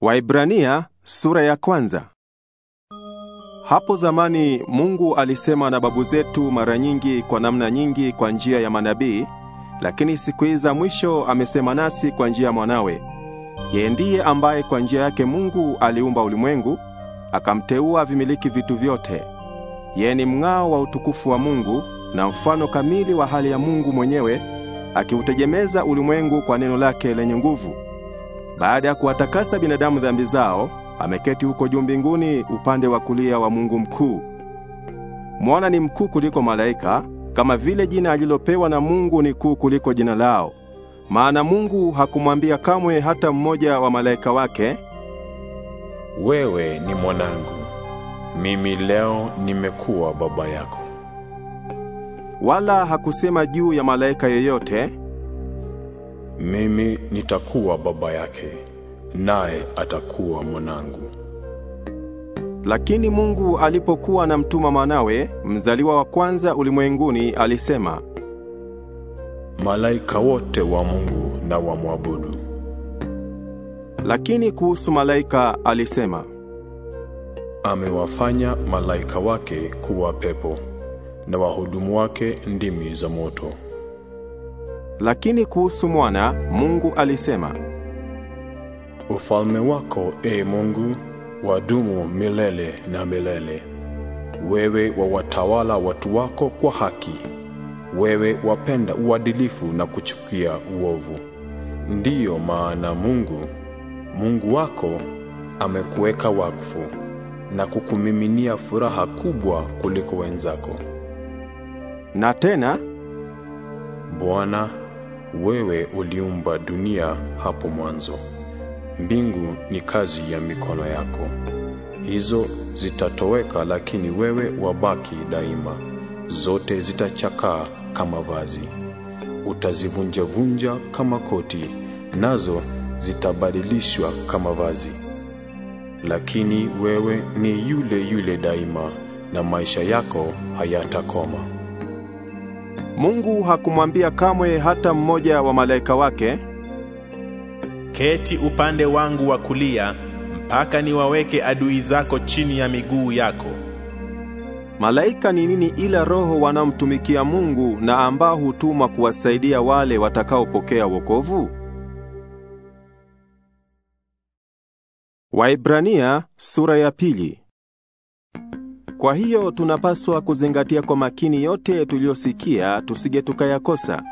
Waibrania sura ya kwanza. Hapo zamani Mungu alisema na babu zetu mara nyingi kwa namna nyingi kwa njia ya manabii, lakini siku hizi za mwisho amesema nasi kwa njia ya mwanawe. Yeye ndiye ambaye kwa njia yake Mungu aliumba ulimwengu, akamteua vimiliki vitu vyote. Yeye ni mng'ao wa utukufu wa Mungu na mfano kamili wa hali ya Mungu mwenyewe, akiutegemeza ulimwengu kwa neno lake lenye nguvu. Baada ya kuwatakasa binadamu dhambi zao, ameketi huko juu mbinguni upande wa kulia wa Mungu mkuu. Mwana ni mkuu kuliko malaika, kama vile jina alilopewa na Mungu ni kuu kuliko jina lao. Maana Mungu hakumwambia kamwe hata mmoja wa malaika wake, wewe ni mwanangu, mimi leo nimekuwa baba yako. Wala hakusema juu ya malaika yeyote mimi nitakuwa baba yake, naye atakuwa mwanangu. Lakini Mungu alipokuwa anamtuma mwanawe mzaliwa wa kwanza ulimwenguni, alisema, malaika wote wa Mungu na wamwabudu. Lakini kuhusu malaika alisema, amewafanya malaika wake kuwa pepo na wahudumu wake ndimi za moto. Lakini kuhusu mwana Mungu alisema, ufalme wako e Mungu wadumu milele na milele. Wewe wawatawala watu wako kwa haki, wewe wapenda uadilifu na kuchukia uovu. Ndiyo maana Mungu Mungu wako amekuweka wakfu na kukumiminia furaha kubwa kuliko wenzako. Na tena Bwana wewe uliumba dunia hapo mwanzo. Mbingu ni kazi ya mikono yako. Hizo zitatoweka, lakini wewe wabaki daima. Zote zitachakaa kama vazi, utazivunjavunja kama koti, nazo zitabadilishwa kama vazi. Lakini wewe ni yule yule daima, na maisha yako hayatakoma. Mungu hakumwambia kamwe hata mmoja wa malaika wake, keti upande wangu wa kulia mpaka niwaweke adui zako chini ya miguu yako. Malaika ni nini ila roho wanaomtumikia Mungu na ambao hutumwa kuwasaidia wale watakaopokea wokovu? Waibrania sura ya pili. Kwa hiyo tunapaswa kuzingatia kwa makini yote tuliyosikia, tusije tukayakosa.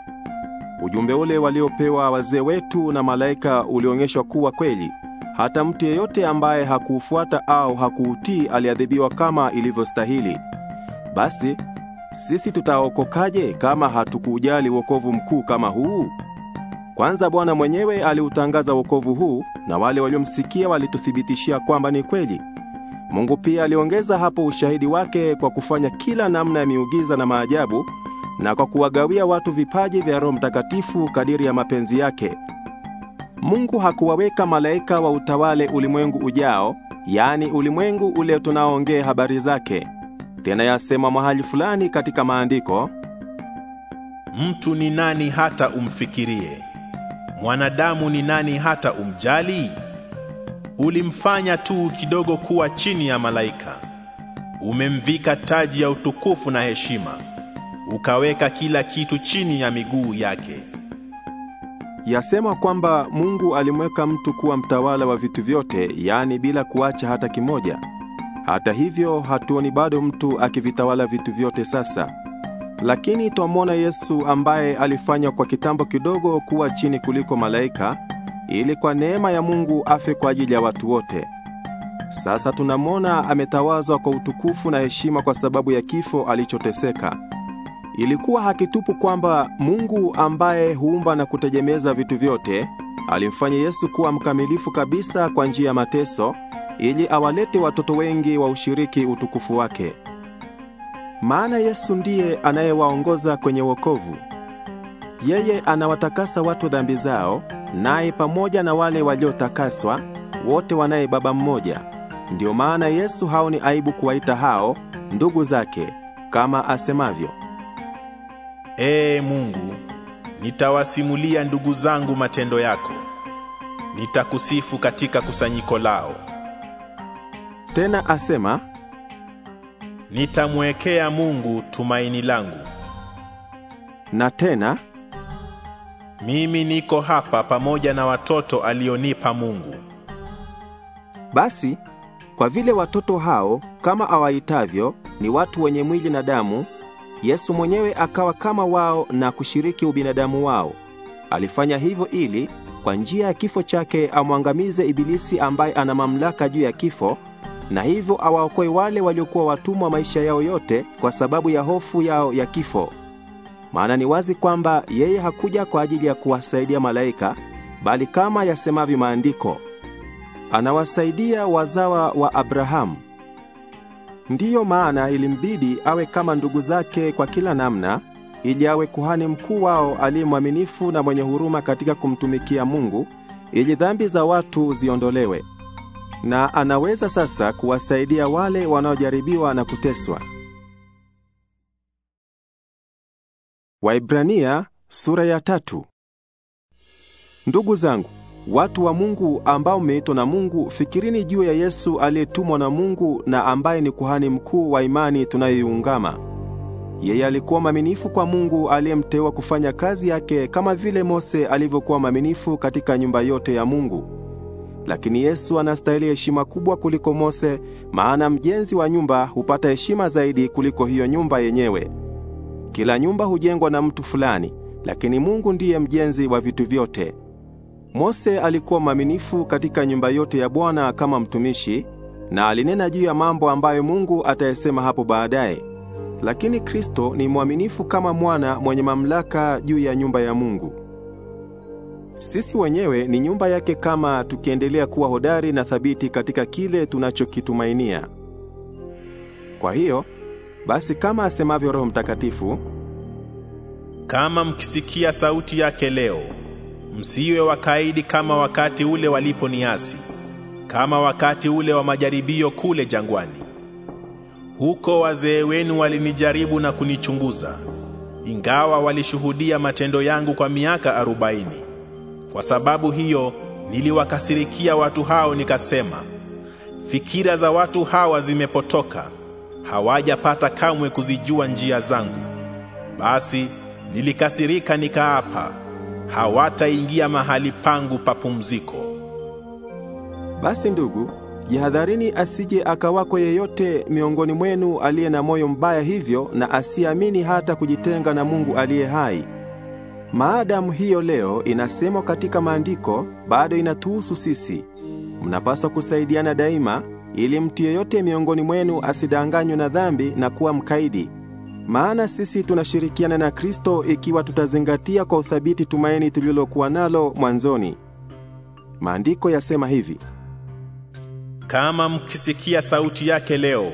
Ujumbe ule waliopewa wazee wetu na malaika ulionyeshwa kuwa kweli. Hata mtu yeyote ambaye hakuufuata au hakuutii aliadhibiwa kama ilivyostahili. Basi sisi tutaokokaje kama hatukuujali wokovu mkuu kama huu? Kwanza Bwana mwenyewe aliutangaza wokovu huu, na wale waliomsikia walituthibitishia kwamba ni kweli. Mungu pia aliongeza hapo ushahidi wake kwa kufanya kila namna ya miujiza na maajabu na kwa kuwagawia watu vipaji vya Roho Mtakatifu kadiri ya mapenzi yake. Mungu hakuwaweka malaika wa utawale ulimwengu ujao, yaani ulimwengu ule tunaoongea habari zake. Tena yasema mahali fulani katika maandiko, mtu ni nani hata umfikirie? Mwanadamu ni nani hata umjali? ulimfanya tu kidogo kuwa chini ya malaika. Umemvika taji ya utukufu na heshima, ukaweka kila kitu chini ya miguu yake. Yasema kwamba Mungu alimweka mtu kuwa mtawala wa vitu vyote, yaani bila kuacha hata kimoja. Hata hivyo, hatuoni bado mtu akivitawala vitu vyote sasa. Lakini twamwona Yesu ambaye alifanywa kwa kitambo kidogo kuwa chini kuliko malaika ili kwa neema ya Mungu afe kwa ajili ya watu wote. Sasa tunamwona ametawazwa kwa utukufu na heshima kwa sababu ya kifo alichoteseka. Ilikuwa hakitupu kwamba Mungu ambaye huumba na kutegemeza vitu vyote alimfanya Yesu kuwa mkamilifu kabisa kwa njia ya mateso ili awalete watoto wengi wa ushiriki utukufu wake. Maana Yesu ndiye anayewaongoza kwenye wokovu. Yeye anawatakasa watu dhambi zao naye pamoja na wale waliotakaswa wote wanaye baba mmoja. ndio maana Yesu haoni aibu kuwaita hao ndugu zake, kama asemavyo, Ee Mungu, nitawasimulia ndugu zangu matendo yako, nitakusifu katika kusanyiko lao. Tena asema, nitamwekea Mungu tumaini langu. Na tena mimi niko hapa pamoja na watoto alionipa Mungu. Basi kwa vile watoto hao kama awaitavyo ni watu wenye mwili na damu, Yesu mwenyewe akawa kama wao na kushiriki ubinadamu wao. Alifanya hivyo ili kwa njia ya kifo chake amwangamize ibilisi ambaye ana mamlaka juu ya kifo, na hivyo awaokoe wale waliokuwa watumwa maisha yao yote kwa sababu ya hofu yao ya kifo. Maana ni wazi kwamba yeye hakuja kwa ajili ya kuwasaidia malaika, bali kama yasemavyo maandiko, anawasaidia wazawa wa Abrahamu. Ndiyo maana ilimbidi awe kama ndugu zake kwa kila namna, ili awe kuhani mkuu wao aliye mwaminifu na mwenye huruma katika kumtumikia Mungu, ili dhambi za watu ziondolewe. Na anaweza sasa kuwasaidia wale wanaojaribiwa na kuteswa. Waibrania sura ya tatu. Ndugu zangu, watu wa Mungu ambao mmeitwa na Mungu, fikirini juu ya Yesu aliyetumwa na Mungu na ambaye ni kuhani mkuu wa imani tunayoiungama. Yeye alikuwa maminifu kwa Mungu aliyemteua kufanya kazi yake kama vile Mose alivyokuwa maminifu katika nyumba yote ya Mungu. Lakini Yesu anastahili heshima kubwa kuliko Mose, maana mjenzi wa nyumba hupata heshima zaidi kuliko hiyo nyumba yenyewe. Kila nyumba hujengwa na mtu fulani, lakini Mungu ndiye mjenzi wa vitu vyote. Mose alikuwa mwaminifu katika nyumba yote ya Bwana kama mtumishi, na alinena juu ya mambo ambayo Mungu atayasema hapo baadaye. Lakini Kristo ni mwaminifu kama mwana mwenye mamlaka juu ya nyumba ya Mungu. Sisi wenyewe ni nyumba yake kama tukiendelea kuwa hodari na thabiti katika kile tunachokitumainia. Kwa hiyo basi kama asemavyo Roho Mtakatifu, kama mkisikia sauti yake leo, msiwe wakaidi kama wakati ule waliponiasi, kama wakati ule wa majaribio kule jangwani. Huko wazee wenu walinijaribu na kunichunguza, ingawa walishuhudia matendo yangu kwa miaka arobaini. Kwa sababu hiyo niliwakasirikia watu hao, nikasema, fikira za watu hawa zimepotoka hawajapata kamwe kuzijua njia zangu. Basi nilikasirika nikaapa, hawataingia mahali pangu pa pumziko. Basi ndugu, jihadharini asije akawako yeyote miongoni mwenu aliye na moyo mbaya hivyo na asiamini hata kujitenga na Mungu aliye hai. Maadamu hiyo leo inasemwa katika maandiko, bado inatuhusu sisi. Mnapaswa kusaidiana daima ili mtu yeyote miongoni mwenu asidanganywe na dhambi na kuwa mkaidi. Maana sisi tunashirikiana na Kristo ikiwa tutazingatia kwa uthabiti tumaini tulilokuwa nalo mwanzoni. Maandiko yasema hivi: kama mkisikia sauti yake leo,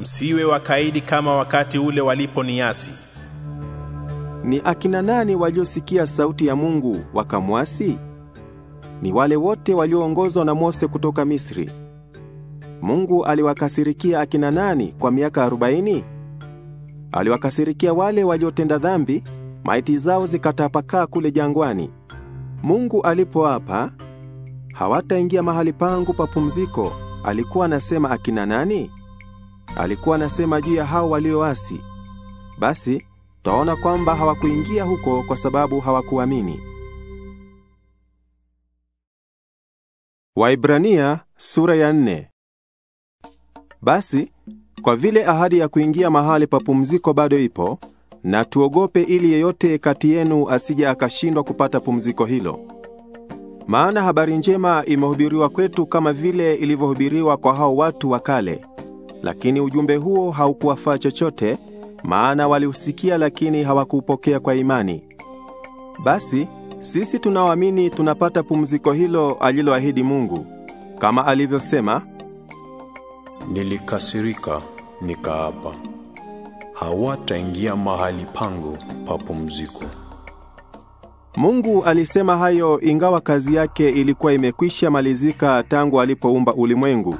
msiwe wakaidi kama wakati ule waliponiasi. Ni akina nani waliosikia sauti ya Mungu wakamwasi? Ni wale wote walioongozwa na Mose kutoka Misri. Mungu aliwakasirikia akina nani kwa miaka arobaini? Aliwakasirikia wale waliotenda dhambi, maiti zao zikatapakaa kule jangwani. Mungu alipoapa hawataingia mahali pangu pa pumziko, alikuwa anasema akina nani? Alikuwa anasema juu ya hao walioasi. Basi twaona kwamba hawakuingia huko kwa sababu hawakuamini. Waibrania sura ya nne. Basi kwa vile ahadi ya kuingia mahali pa pumziko bado ipo, na tuogope ili yeyote kati yenu asije akashindwa kupata pumziko hilo. Maana habari njema imehubiriwa kwetu kama vile ilivyohubiriwa kwa hao watu wa kale, lakini ujumbe huo haukuwafaa chochote, maana waliusikia lakini hawakupokea kwa imani. Basi sisi tunaoamini tunapata pumziko hilo aliloahidi Mungu, kama alivyosema, Nilikasirika nikaapa, hawataingia mahali pangu pa pumziko. Mungu alisema hayo ingawa kazi yake ilikuwa imekwisha malizika tangu alipoumba ulimwengu.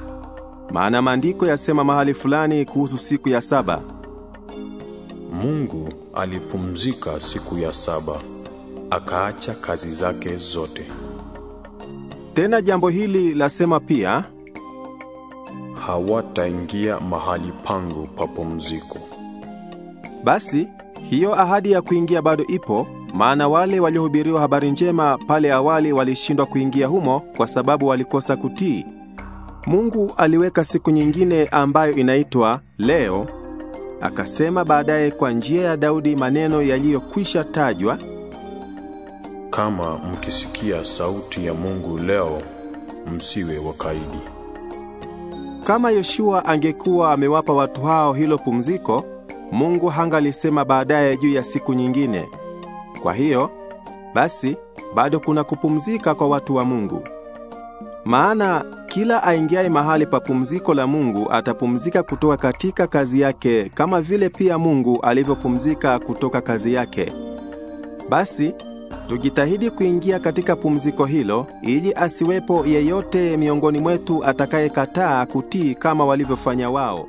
Maana maandiko yasema mahali fulani kuhusu siku ya saba. Mungu alipumzika siku ya saba, akaacha kazi zake zote. Tena jambo hili lasema pia hawataingia mahali pangu pa pumziko. Basi hiyo ahadi ya kuingia bado ipo, maana wale waliohubiriwa habari njema pale awali walishindwa kuingia humo kwa sababu walikosa kutii. Mungu aliweka siku nyingine ambayo inaitwa leo, akasema baadaye kwa njia ya Daudi maneno yaliyokwisha tajwa, kama mkisikia sauti ya Mungu leo, msiwe wakaidi. Kama Yoshua angekuwa amewapa watu hao hilo pumziko, Mungu hangalisema baadaye juu ya siku nyingine. Kwa hiyo basi bado kuna kupumzika kwa watu wa Mungu. Maana kila aingiaye mahali pa pumziko la Mungu atapumzika kutoka katika kazi yake kama vile pia Mungu alivyopumzika kutoka kazi yake. Basi Tujitahidi kuingia katika pumziko hilo ili asiwepo yeyote miongoni mwetu atakayekataa kutii kama walivyofanya wao.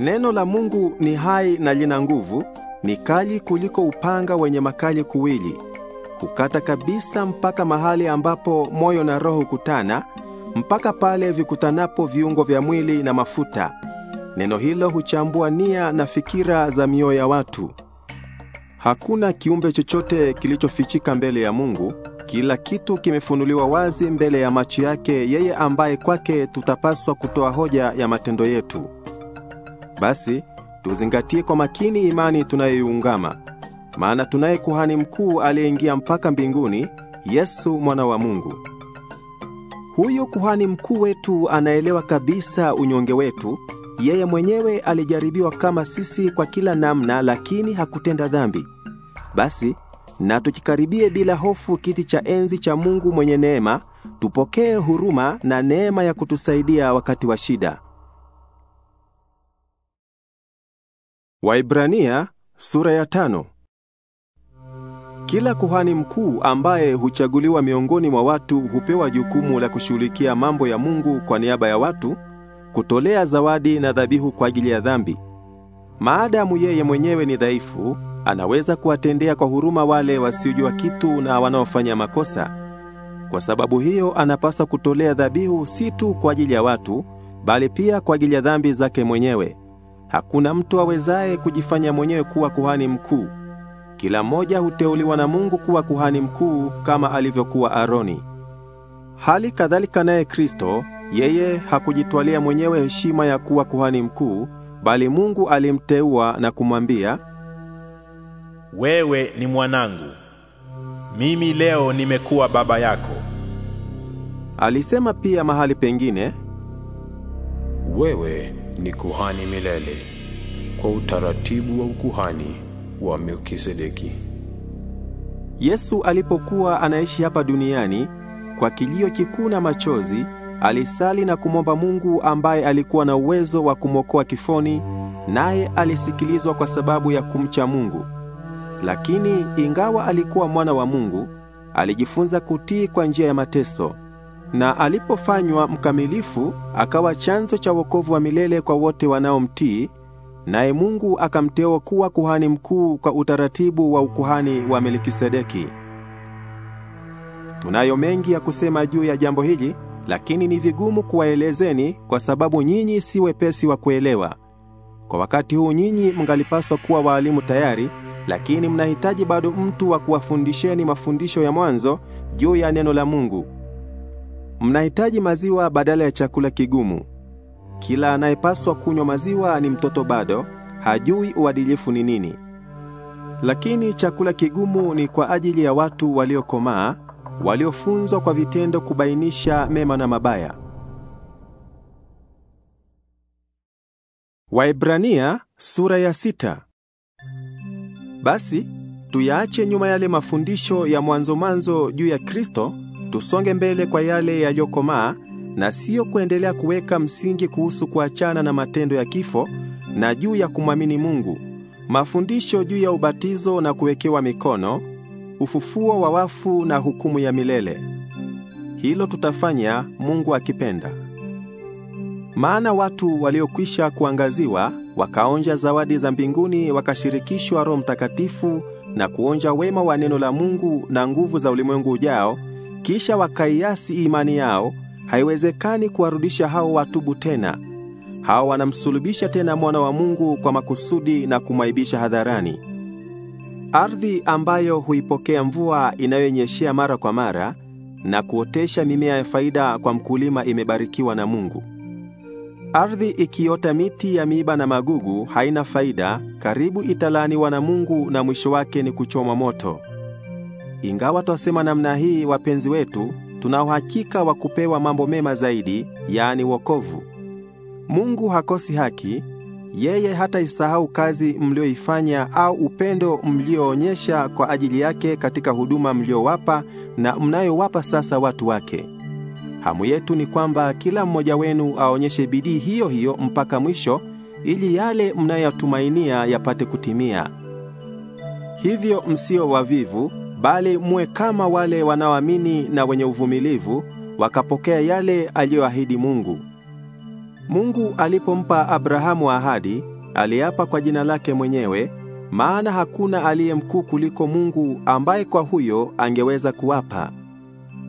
Neno la Mungu ni hai na lina nguvu, ni kali kuliko upanga wenye makali kuwili, hukata kabisa mpaka mahali ambapo moyo na roho hukutana, mpaka pale vikutanapo viungo vya mwili na mafuta. Neno hilo huchambua nia na fikira za mioyo ya watu. Hakuna kiumbe chochote kilichofichika mbele ya Mungu, kila kitu kimefunuliwa wazi mbele ya macho yake yeye ambaye kwake tutapaswa kutoa hoja ya matendo yetu. Basi tuzingatie kwa makini imani tunayoiungama, maana tunaye kuhani mkuu aliyeingia mpaka mbinguni, Yesu mwana wa Mungu. Huyu kuhani mkuu wetu anaelewa kabisa unyonge wetu. Yeye mwenyewe alijaribiwa kama sisi kwa kila namna, lakini hakutenda dhambi. Basi na tukikaribie bila hofu kiti cha enzi cha Mungu mwenye neema, tupokee huruma na neema ya kutusaidia wakati wa shida. Waibrania sura ya tano. Kila kuhani mkuu ambaye huchaguliwa miongoni mwa watu hupewa jukumu la kushughulikia mambo ya Mungu kwa niaba ya watu, kutolea zawadi na dhabihu kwa ajili ya dhambi. Maadamu yeye mwenyewe ni dhaifu, anaweza kuwatendea kwa huruma wale wasiojua kitu na wanaofanya makosa. Kwa sababu hiyo, anapasa kutolea dhabihu si tu kwa ajili ya watu, bali pia kwa ajili ya dhambi zake mwenyewe. Hakuna mtu awezaye kujifanya mwenyewe kuwa kuhani mkuu. Kila mmoja huteuliwa na Mungu kuwa kuhani mkuu kama alivyokuwa Aroni. Hali kadhalika naye Kristo, yeye hakujitwalia mwenyewe heshima ya kuwa kuhani mkuu, bali Mungu alimteua na kumwambia wewe ni mwanangu, mimi leo nimekuwa baba yako. Alisema pia mahali pengine, wewe ni kuhani milele kwa utaratibu wa ukuhani wa Melkisedeki. Yesu alipokuwa anaishi hapa duniani, kwa kilio kikuu na machozi, alisali na kumwomba Mungu ambaye alikuwa na uwezo wa kumwokoa kifoni, naye alisikilizwa kwa sababu ya kumcha Mungu. Lakini ingawa alikuwa mwana wa Mungu, alijifunza kutii kwa njia ya mateso, na alipofanywa mkamilifu akawa chanzo cha wokovu wa milele kwa wote wanaomtii, naye Mungu akamteua kuwa kuhani mkuu kwa utaratibu wa ukuhani wa Melkisedeki. Tunayo mengi ya kusema juu ya jambo hili, lakini ni vigumu kuwaelezeni kwa sababu nyinyi si wepesi wa kuelewa. Kwa wakati huu nyinyi mngalipaswa kuwa waalimu tayari lakini mnahitaji bado mtu wa kuwafundisheni mafundisho ya mwanzo juu ya neno la Mungu. Mnahitaji maziwa badala ya chakula kigumu. Kila anayepaswa kunywa maziwa ni mtoto bado, hajui uadilifu ni nini. Lakini chakula kigumu ni kwa ajili ya watu waliokomaa, waliofunzwa kwa vitendo kubainisha mema na mabaya. Waibrania sura ya sita. Basi tuyaache nyuma yale mafundisho ya mwanzo manzo juu ya Kristo, tusonge mbele kwa yale yaliyokomaa na siyo kuendelea kuweka msingi kuhusu kuachana na matendo ya kifo na juu ya kumwamini Mungu, mafundisho juu ya ubatizo na kuwekewa mikono, ufufuo wa wafu na hukumu ya milele. Hilo tutafanya Mungu akipenda. Maana watu waliokwisha kuangaziwa wakaonja zawadi za mbinguni, wakashirikishwa Roho Mtakatifu na kuonja wema wa neno la Mungu na nguvu za ulimwengu ujao, kisha wakaiasi imani yao. Haiwezekani kuwarudisha hao watubu tena. Hao wanamsulubisha tena mwana wa Mungu kwa makusudi na kumwaibisha hadharani. Ardhi ambayo huipokea mvua inayonyeshea mara kwa mara na kuotesha mimea ya faida kwa mkulima imebarikiwa na Mungu. Ardhi ikiota miti ya miiba na magugu haina faida, karibu italaaniwa na Mungu na mwisho wake ni kuchomwa moto. Ingawa twasema namna hii, wapenzi wetu, tuna uhakika wa kupewa mambo mema zaidi, yaani wokovu. Mungu hakosi haki, yeye hataisahau kazi mlioifanya au upendo mlioonyesha kwa ajili yake katika huduma mliowapa na mnayowapa sasa watu wake. Hamu yetu ni kwamba kila mmoja wenu aonyeshe bidii hiyo hiyo mpaka mwisho, ili yale mnayotumainia yapate kutimia. Hivyo msio wavivu, bali muwe kama wale wanaoamini na wenye uvumilivu, wakapokea yale aliyoahidi Mungu. Mungu alipompa Abrahamu ahadi, aliapa kwa jina lake mwenyewe, maana hakuna aliye mkuu kuliko Mungu ambaye kwa huyo angeweza kuapa.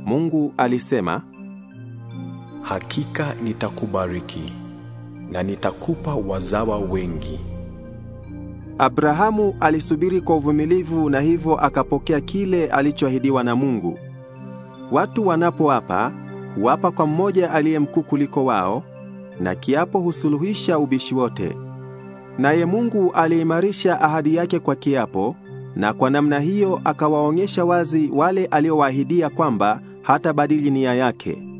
Mungu alisema, hakika nitakubariki na nitakupa wazawa wengi. Abrahamu alisubiri kwa uvumilivu na hivyo akapokea kile alichoahidiwa na Mungu. Watu wanapoapa, huapa kwa mmoja aliye mkuu kuliko wao, na kiapo husuluhisha ubishi wote. Naye Mungu aliimarisha ahadi yake kwa kiapo, na kwa namna hiyo akawaonyesha wazi wale aliowaahidia kwamba hatabadili nia yake.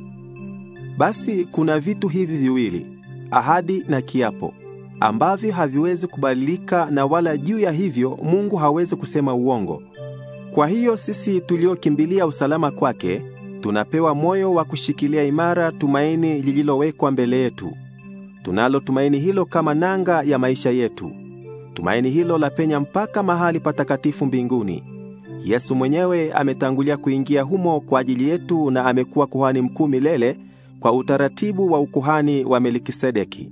Basi kuna vitu hivi viwili, ahadi na kiapo, ambavyo haviwezi kubadilika na wala juu ya hivyo Mungu hawezi kusema uongo. Kwa hiyo sisi tuliokimbilia usalama kwake, tunapewa moyo wa kushikilia imara tumaini lililowekwa mbele yetu. Tunalo tumaini hilo kama nanga ya maisha yetu. Tumaini hilo lapenya mpaka mahali patakatifu mbinguni. Yesu mwenyewe ametangulia kuingia humo kwa ajili yetu na amekuwa kuhani mkuu milele kwa utaratibu wa ukuhani wa Melkisedeki.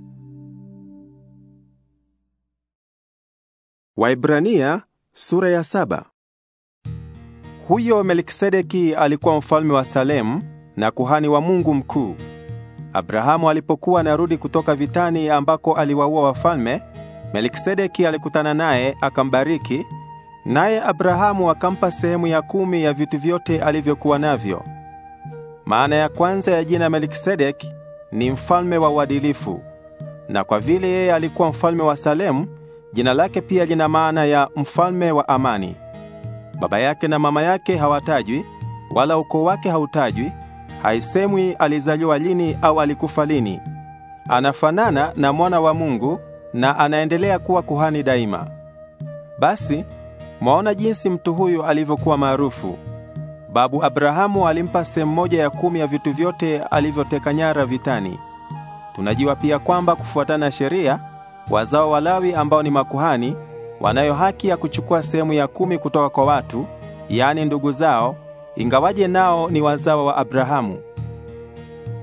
Waibrania sura ya saba. Huyo Melkisedeki alikuwa mfalme wa Salemu na kuhani wa Mungu mkuu. Abrahamu alipokuwa anarudi kutoka vitani ambako aliwaua wafalme, Melkisedeki alikutana naye akambariki, naye Abrahamu akampa sehemu ya kumi ya vitu vyote alivyokuwa navyo. Maana ya kwanza ya jina Melkisedeki ni mfalme wa uadilifu, na kwa vile yeye alikuwa mfalme wa Salemu, jina lake pia lina maana ya mfalme wa amani. Baba yake na mama yake hawatajwi, wala ukoo wake hautajwi. Haisemwi alizaliwa lini au alikufa lini. Anafanana na mwana wa Mungu na anaendelea kuwa kuhani daima. Basi mwaona jinsi mtu huyu alivyokuwa maarufu sababu Abrahamu alimpa sehemu moja ya kumi ya vitu vyote alivyoteka nyara vitani. Tunajua pia kwamba kufuatana na sheria, wazao wa Lawi ambao ni makuhani wanayo haki ya kuchukua sehemu ya kumi kutoka kwa watu, yaani ndugu zao, ingawaje nao ni wazao wa Abrahamu.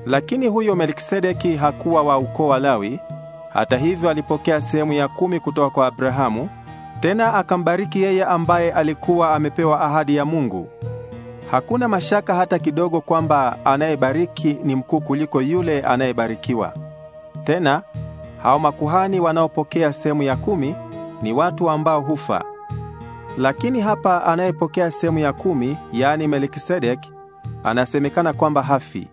Lakini huyo Melkisedeki hakuwa wa ukoo wa Lawi. Hata hivyo, alipokea sehemu ya kumi kutoka kwa Abrahamu, tena akambariki yeye ambaye alikuwa amepewa ahadi ya Mungu. Hakuna mashaka hata kidogo kwamba anayebariki ni mkuu kuliko yule anayebarikiwa. Tena hao makuhani wanaopokea sehemu ya kumi ni watu ambao hufa. Lakini hapa anayepokea sehemu ya kumi, yaani Melkisedeki, anasemekana kwamba hafi.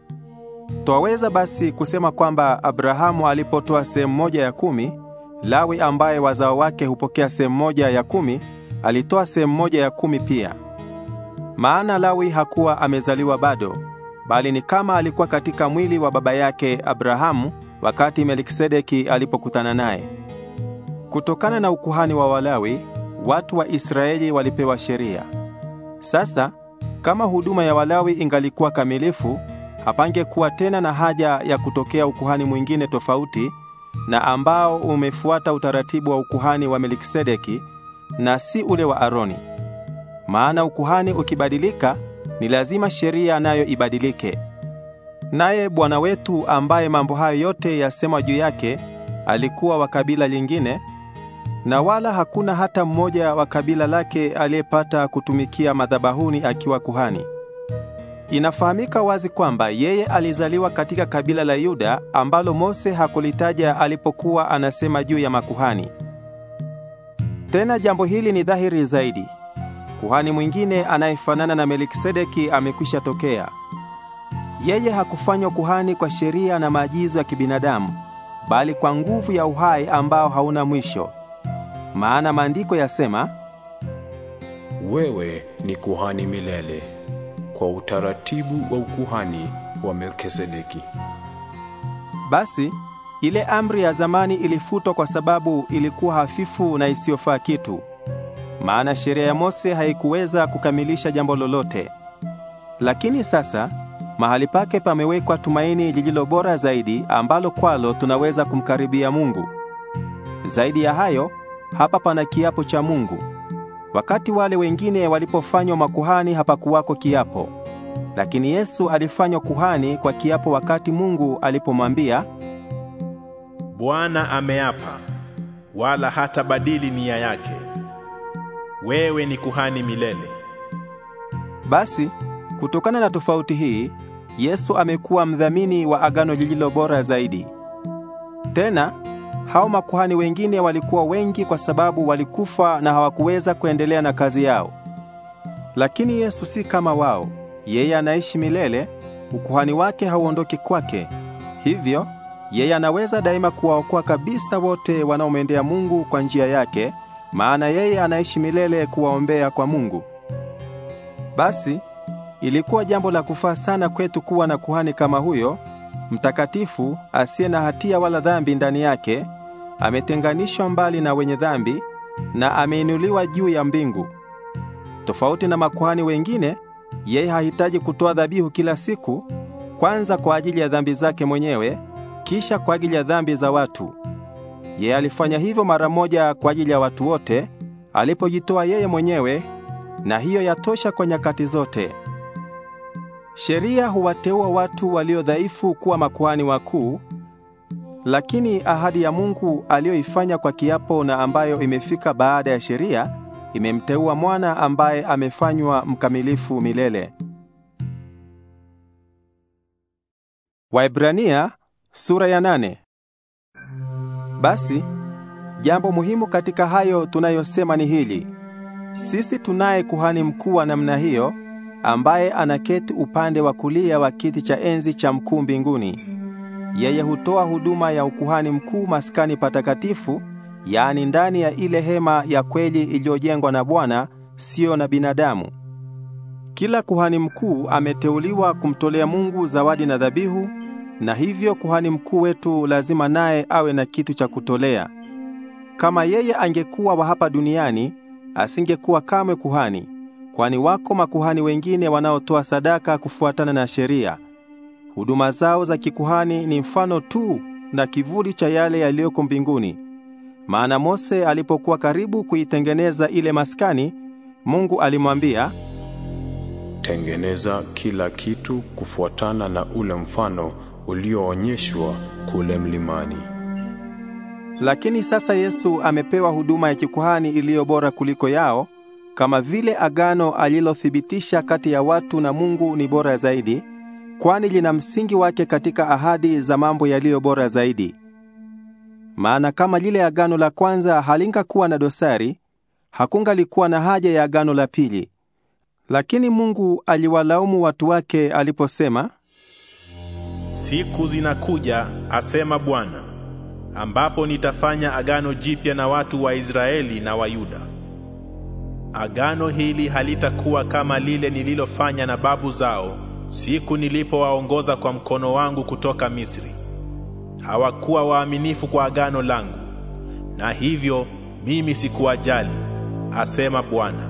Twaweza basi kusema kwamba Abrahamu alipotoa sehemu moja ya kumi, Lawi ambaye wazao wake hupokea sehemu moja ya kumi, alitoa sehemu moja ya kumi pia maana Lawi hakuwa amezaliwa bado, bali ni kama alikuwa katika mwili wa baba yake Abrahamu wakati Melkisedeki alipokutana naye. Kutokana na ukuhani wa Walawi, watu wa Israeli walipewa sheria. Sasa kama huduma ya Walawi ingalikuwa kamilifu, hapangekuwa tena na haja ya kutokea ukuhani mwingine tofauti na ambao umefuata utaratibu wa ukuhani wa Melkisedeki na si ule wa Aroni maana ukuhani ukibadilika ni lazima sheria nayo ibadilike. Naye Bwana wetu ambaye mambo hayo yote yasemwa juu yake alikuwa wa kabila lingine, na wala hakuna hata mmoja wa kabila lake aliyepata kutumikia madhabahuni akiwa kuhani. Inafahamika wazi kwamba yeye alizaliwa katika kabila la Yuda ambalo Mose hakulitaja alipokuwa anasema juu ya makuhani. Tena jambo hili ni dhahiri zaidi kuhani mwingine anayefanana na Melkisedeki amekwisha tokea. Yeye hakufanywa kuhani kwa sheria na maagizo ya kibinadamu, bali kwa nguvu ya uhai ambao hauna mwisho. Maana maandiko yasema, wewe ni kuhani milele kwa utaratibu wa ukuhani wa Melkisedeki. Basi ile amri ya zamani ilifutwa kwa sababu ilikuwa hafifu na isiyofaa kitu maana sheria ya Mose haikuweza kukamilisha jambo lolote. Lakini sasa mahali pake pamewekwa tumaini lililo bora zaidi, ambalo kwalo tunaweza kumkaribia Mungu. Zaidi ya hayo, hapa pana kiapo cha Mungu. Wakati wale wengine walipofanywa makuhani, hapakuwako kiapo, lakini Yesu alifanywa kuhani kwa kiapo, wakati Mungu alipomwambia, Bwana ameapa, wala hatabadili nia yake wewe ni kuhani milele. Basi kutokana na tofauti hii, Yesu amekuwa mdhamini wa agano lililo bora zaidi. Tena hao makuhani wengine walikuwa wengi kwa sababu walikufa na hawakuweza kuendelea na kazi yao. Lakini Yesu si kama wao. Yeye anaishi milele, ukuhani wake hauondoki kwake. Hivyo yeye anaweza daima kuwaokoa kabisa wote wanaomwendea Mungu kwa njia yake maana yeye anaishi milele kuwaombea kwa Mungu. Basi ilikuwa jambo la kufaa sana kwetu kuwa na kuhani kama huyo mtakatifu, asiye na hatia wala dhambi ndani yake, ametenganishwa mbali na wenye dhambi na ameinuliwa juu ya mbingu. Tofauti na makuhani wengine, yeye hahitaji kutoa dhabihu kila siku, kwanza kwa ajili ya dhambi zake mwenyewe, kisha kwa ajili ya dhambi za watu. Yeye alifanya hivyo mara moja kwa ajili ya watu wote alipojitoa yeye mwenyewe, na hiyo yatosha kwa nyakati zote. Sheria huwateua watu walio dhaifu kuwa makuhani wakuu, lakini ahadi ya Mungu aliyoifanya kwa kiapo na ambayo imefika baada ya sheria imemteua mwana ambaye amefanywa mkamilifu milele. Waebrania sura ya nane. Basi jambo muhimu katika hayo tunayosema ni hili: sisi tunaye kuhani mkuu wa namna hiyo ambaye anaketi upande wa kulia wa kiti cha enzi cha mkuu mbinguni. Yeye hutoa huduma ya ukuhani mkuu maskani patakatifu, yaani ndani ya ile hema ya kweli iliyojengwa na Bwana, sio na binadamu. Kila kuhani mkuu ameteuliwa kumtolea Mungu zawadi na dhabihu na hivyo kuhani mkuu wetu lazima naye awe na kitu cha kutolea. Kama yeye angekuwa wa hapa duniani, asingekuwa kamwe kuhani, kwani wako makuhani wengine wanaotoa sadaka kufuatana na sheria. Huduma zao za kikuhani ni mfano tu na kivuli cha yale yaliyoko mbinguni. Maana Mose alipokuwa karibu kuitengeneza ile maskani, Mungu alimwambia, tengeneza kila kitu kufuatana na ule mfano ulioonyeshwa kule mlimani. Lakini sasa Yesu amepewa huduma ya kikuhani iliyo bora kuliko yao, kama vile agano alilothibitisha kati ya watu na Mungu ni bora zaidi, kwani lina msingi wake katika ahadi za mambo yaliyo bora zaidi. Maana kama lile agano la kwanza halingakuwa na dosari, hakungalikuwa na haja ya agano la pili. Lakini Mungu aliwalaumu watu wake aliposema, Siku zinakuja, asema Bwana, ambapo nitafanya agano jipya na watu wa Israeli na wa Yuda. Agano hili halitakuwa kama lile nililofanya na babu zao siku nilipowaongoza kwa mkono wangu kutoka Misri. Hawakuwa waaminifu kwa agano langu, na hivyo mimi sikuwajali, asema Bwana.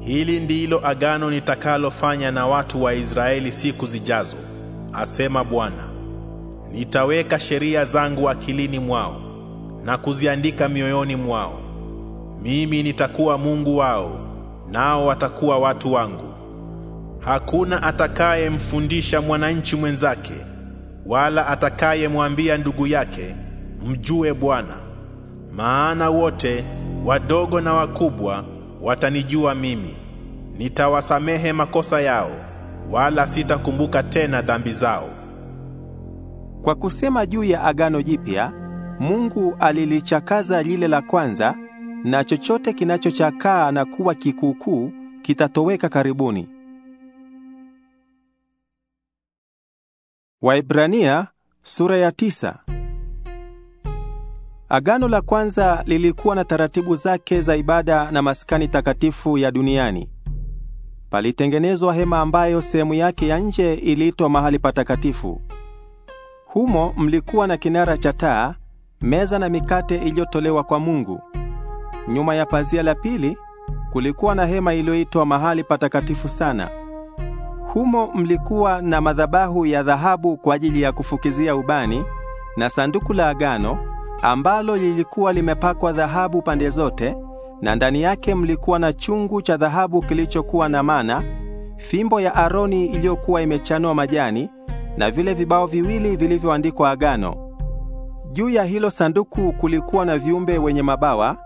Hili ndilo agano nitakalofanya na watu wa Israeli siku zijazo asema Bwana. Nitaweka sheria zangu akilini mwao na kuziandika mioyoni mwao. Mimi nitakuwa Mungu wao, nao watakuwa watu wangu. Hakuna atakayemfundisha mwananchi mwenzake, wala atakayemwambia ndugu yake, mjue Bwana, maana wote wadogo na wakubwa watanijua mimi. Nitawasamehe makosa yao wala sitakumbuka tena dhambi zao. Kwa kusema juu ya agano jipya, Mungu alilichakaza lile la kwanza, na chochote kinachochakaa na kuwa kikuukuu kitatoweka karibuni. Waibrania sura ya tisa. Agano la kwanza lilikuwa na taratibu zake za ibada na maskani takatifu ya duniani palitengenezwa hema ambayo sehemu yake ya nje iliitwa mahali patakatifu. Humo mlikuwa na kinara cha taa, meza na mikate iliyotolewa kwa Mungu. Nyuma ya pazia la pili kulikuwa na hema iliyoitwa mahali patakatifu sana. Humo mlikuwa na madhabahu ya dhahabu kwa ajili ya kufukizia ubani na sanduku la agano ambalo lilikuwa limepakwa dhahabu pande zote na ndani yake mlikuwa na chungu cha dhahabu kilichokuwa na mana, fimbo ya Aroni iliyokuwa imechanua majani na vile vibao viwili vilivyoandikwa agano. Juu ya hilo sanduku kulikuwa na viumbe wenye mabawa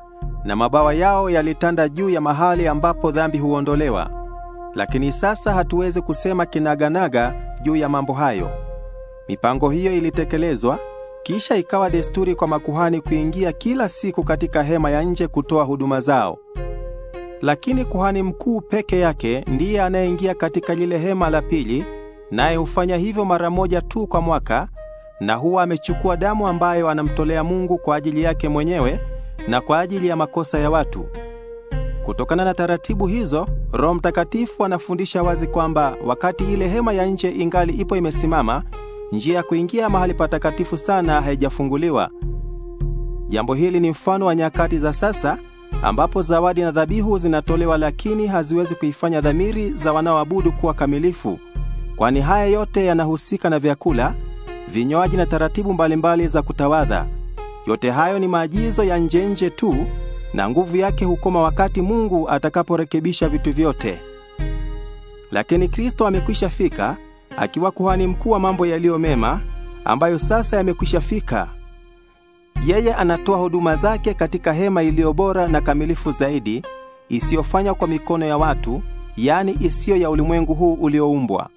na mabawa yao yalitanda juu ya mahali ambapo dhambi huondolewa. Lakini sasa hatuwezi kusema kinaganaga juu ya mambo hayo. Mipango hiyo ilitekelezwa kisha ikawa desturi kwa makuhani kuingia kila siku katika hema ya nje kutoa huduma zao. Lakini kuhani mkuu peke yake ndiye anayeingia katika lile hema la pili, naye hufanya hivyo mara moja tu kwa mwaka, na huwa amechukua damu ambayo anamtolea Mungu kwa ajili yake mwenyewe na kwa ajili ya makosa ya watu. Kutokana na taratibu hizo, Roho Mtakatifu anafundisha wazi kwamba wakati ile hema ya nje ingali ipo imesimama njia ya kuingia mahali patakatifu sana haijafunguliwa. Jambo hili ni mfano wa nyakati za sasa ambapo zawadi na dhabihu zinatolewa, lakini haziwezi kuifanya dhamiri za wanaoabudu kuwa kamilifu, kwani haya yote yanahusika na vyakula, vinywaji na taratibu mbalimbali mbali za kutawadha. Yote hayo ni maagizo ya nje nje tu, na nguvu yake hukoma wakati Mungu atakaporekebisha vitu vyote. Lakini Kristo amekwisha fika akiwa kuhani mkuu wa mambo yaliyo mema ambayo sasa yamekwisha fika. Yeye anatoa huduma zake katika hema iliyo bora na kamilifu zaidi, isiyofanywa kwa mikono ya watu, yaani isiyo ya ulimwengu huu ulioumbwa.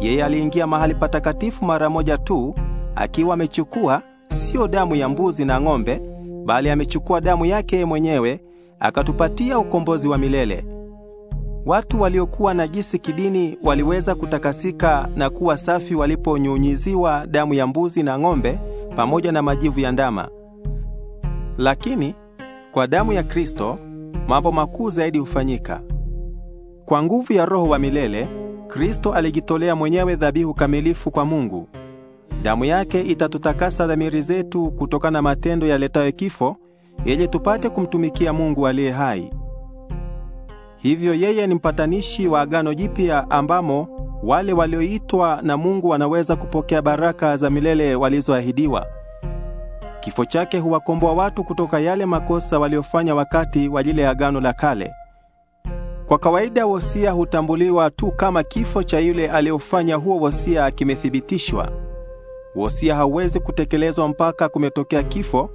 Yeye aliingia mahali patakatifu mara moja tu, akiwa amechukua sio damu ya mbuzi na ng'ombe, bali amechukua damu yake mwenyewe, akatupatia ukombozi wa milele. Watu waliokuwa najisi kidini waliweza kutakasika na kuwa safi waliponyunyiziwa damu ya mbuzi na ng'ombe pamoja na majivu ya ndama. Lakini kwa damu ya Kristo mambo makuu zaidi hufanyika. Kwa nguvu ya Roho wa milele, Kristo alijitolea mwenyewe dhabihu kamilifu kwa Mungu. Damu yake itatutakasa dhamiri zetu kutokana na matendo yaletayo kifo, yeye tupate kumtumikia Mungu aliye hai. Hivyo yeye ni mpatanishi wa agano jipya ambamo wale walioitwa na Mungu wanaweza kupokea baraka za milele walizoahidiwa. Kifo chake huwakomboa watu kutoka yale makosa waliofanya wakati wa lile agano la kale. Kwa kawaida wosia hutambuliwa tu kama kifo cha yule aliyofanya huo wosia kimethibitishwa. Wosia hauwezi kutekelezwa mpaka kumetokea kifo,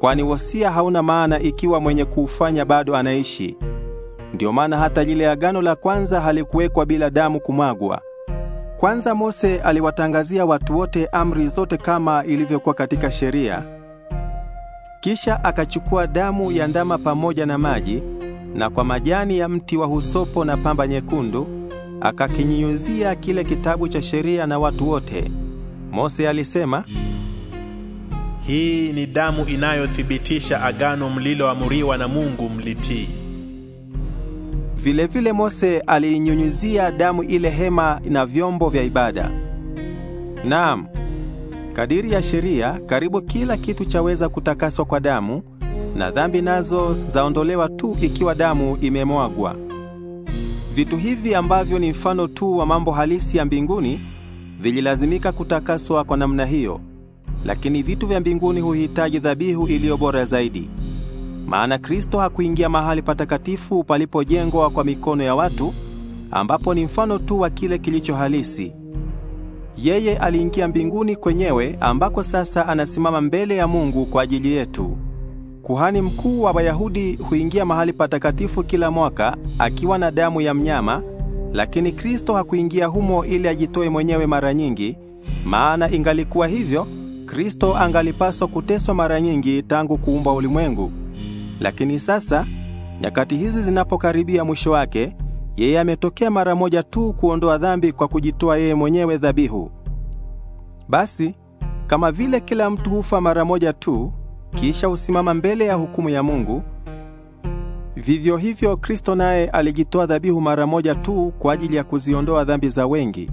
kwani wosia hauna maana ikiwa mwenye kuufanya bado anaishi ndio maana hata lile agano la kwanza halikuwekwa bila damu kumwagwa. Kwanza Mose aliwatangazia watu wote amri zote kama ilivyokuwa katika sheria. Kisha akachukua damu ya ndama pamoja na maji na kwa majani ya mti wa husopo na pamba nyekundu akakinyunyuzia kile kitabu cha sheria na watu wote. Mose alisema, hii ni damu inayothibitisha agano mliloamuriwa na Mungu mlitii. Vilevile vile Mose aliinyunyizia damu ile hema na vyombo vya ibada. Naam, kadiri ya sheria, karibu kila kitu chaweza kutakaswa kwa damu, na dhambi nazo zaondolewa tu ikiwa damu imemwagwa. Vitu hivi ambavyo ni mfano tu wa mambo halisi ya mbinguni vililazimika kutakaswa kwa namna hiyo, lakini vitu vya mbinguni huhitaji dhabihu iliyo bora zaidi. Maana Kristo hakuingia mahali patakatifu palipojengwa kwa mikono ya watu, ambapo ni mfano tu wa kile kilicho halisi. Yeye aliingia mbinguni kwenyewe, ambako sasa anasimama mbele ya Mungu kwa ajili yetu. Kuhani mkuu wa Wayahudi huingia mahali patakatifu kila mwaka akiwa na damu ya mnyama, lakini Kristo hakuingia humo ili ajitoe mwenyewe mara nyingi. Maana ingalikuwa hivyo, Kristo angalipaswa kuteswa mara nyingi tangu kuumba ulimwengu, lakini sasa nyakati hizi zinapokaribia mwisho wake, yeye ametokea mara moja tu kuondoa dhambi kwa kujitoa yeye mwenyewe dhabihu. Basi kama vile kila mtu hufa mara moja tu, kisha husimama mbele ya hukumu ya Mungu, vivyo hivyo Kristo naye alijitoa dhabihu mara moja tu kwa ajili ya kuziondoa dhambi za wengi.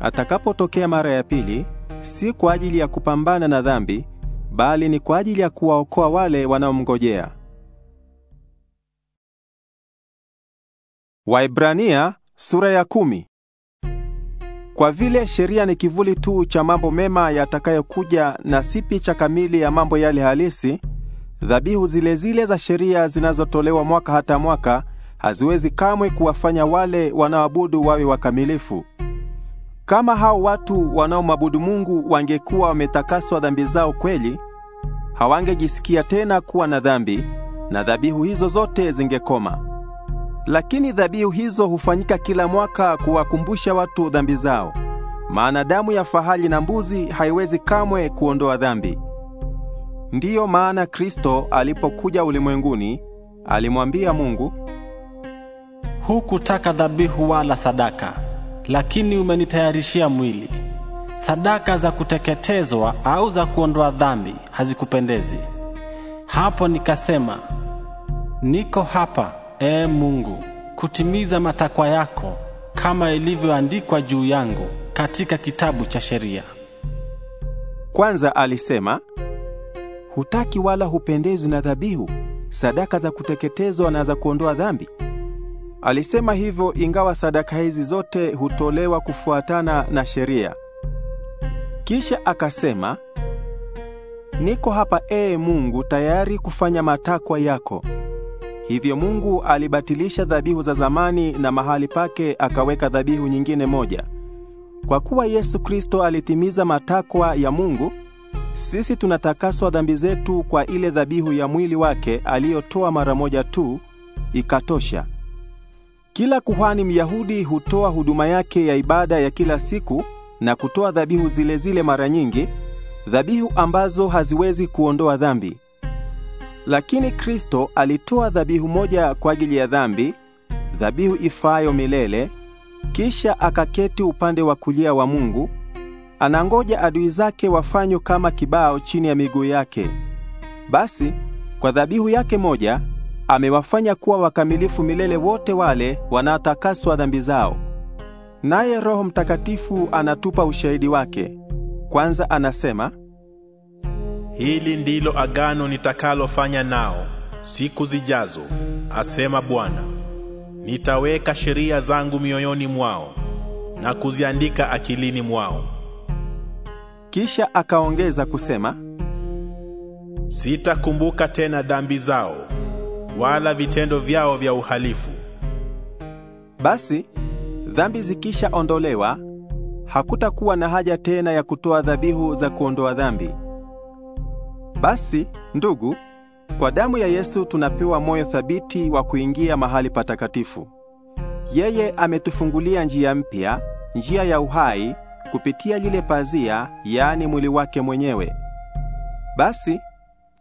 Atakapotokea mara ya pili, si kwa ajili ya kupambana na dhambi bali ni kwa ajili ya kuwaokoa wale wanaomngojea. Waibrania sura ya kumi. Kwa vile sheria ni kivuli tu cha mambo mema yatakayokuja na si picha kamili ya mambo yale halisi, dhabihu zile zile za sheria zinazotolewa mwaka hata mwaka haziwezi kamwe kuwafanya wale wanaoabudu wawe wakamilifu. Kama hao watu wanaomwabudu Mungu wangekuwa wametakaswa dhambi zao kweli, hawangejisikia tena kuwa na dhambi na dhabihu hizo zote zingekoma. Lakini dhabihu hizo hufanyika kila mwaka kuwakumbusha watu dhambi zao, maana damu ya fahali na mbuzi haiwezi kamwe kuondoa dhambi. Ndiyo maana Kristo alipokuja ulimwenguni alimwambia Mungu, hukutaka dhabihu wala sadaka lakini umenitayarishia mwili. Sadaka za kuteketezwa au za kuondoa dhambi hazikupendezi. Hapo nikasema, niko hapa, ee Mungu, kutimiza matakwa yako kama ilivyoandikwa juu yangu katika kitabu cha sheria. Kwanza alisema, hutaki wala hupendezi na dhabihu, sadaka za kuteketezwa na za kuondoa dhambi. Alisema hivyo ingawa sadaka hizi zote hutolewa kufuatana na sheria. Kisha akasema, Niko hapa ee Mungu tayari kufanya matakwa yako. Hivyo Mungu alibatilisha dhabihu za zamani na mahali pake akaweka dhabihu nyingine moja. Kwa kuwa Yesu Kristo alitimiza matakwa ya Mungu, sisi tunatakaswa dhambi zetu kwa ile dhabihu ya mwili wake aliyotoa mara moja tu ikatosha. Kila kuhani Myahudi hutoa huduma yake ya ibada ya kila siku na kutoa dhabihu zile zile mara nyingi, dhabihu ambazo haziwezi kuondoa dhambi. Lakini Kristo alitoa dhabihu moja kwa ajili ya dhambi, dhabihu ifayo milele, kisha akaketi upande wa kulia wa Mungu. Anangoja adui zake wafanywe kama kibao chini ya miguu yake. Basi kwa dhabihu yake moja amewafanya kuwa wakamilifu milele wote wale wanaotakaswa dhambi zao. Naye Roho Mtakatifu anatupa ushahidi wake. Kwanza anasema, hili ndilo agano nitakalofanya nao siku zijazo, asema Bwana, nitaweka sheria zangu mioyoni mwao na kuziandika akilini mwao. Kisha akaongeza kusema, sitakumbuka tena dhambi zao wala vitendo vyao vya uhalifu. Basi dhambi zikishaondolewa, hakutakuwa na haja tena ya kutoa dhabihu za kuondoa dhambi. Basi ndugu, kwa damu ya Yesu tunapewa moyo thabiti wa kuingia mahali patakatifu. Yeye ametufungulia njia mpya, njia ya uhai kupitia lile pazia, yaani mwili wake mwenyewe. Basi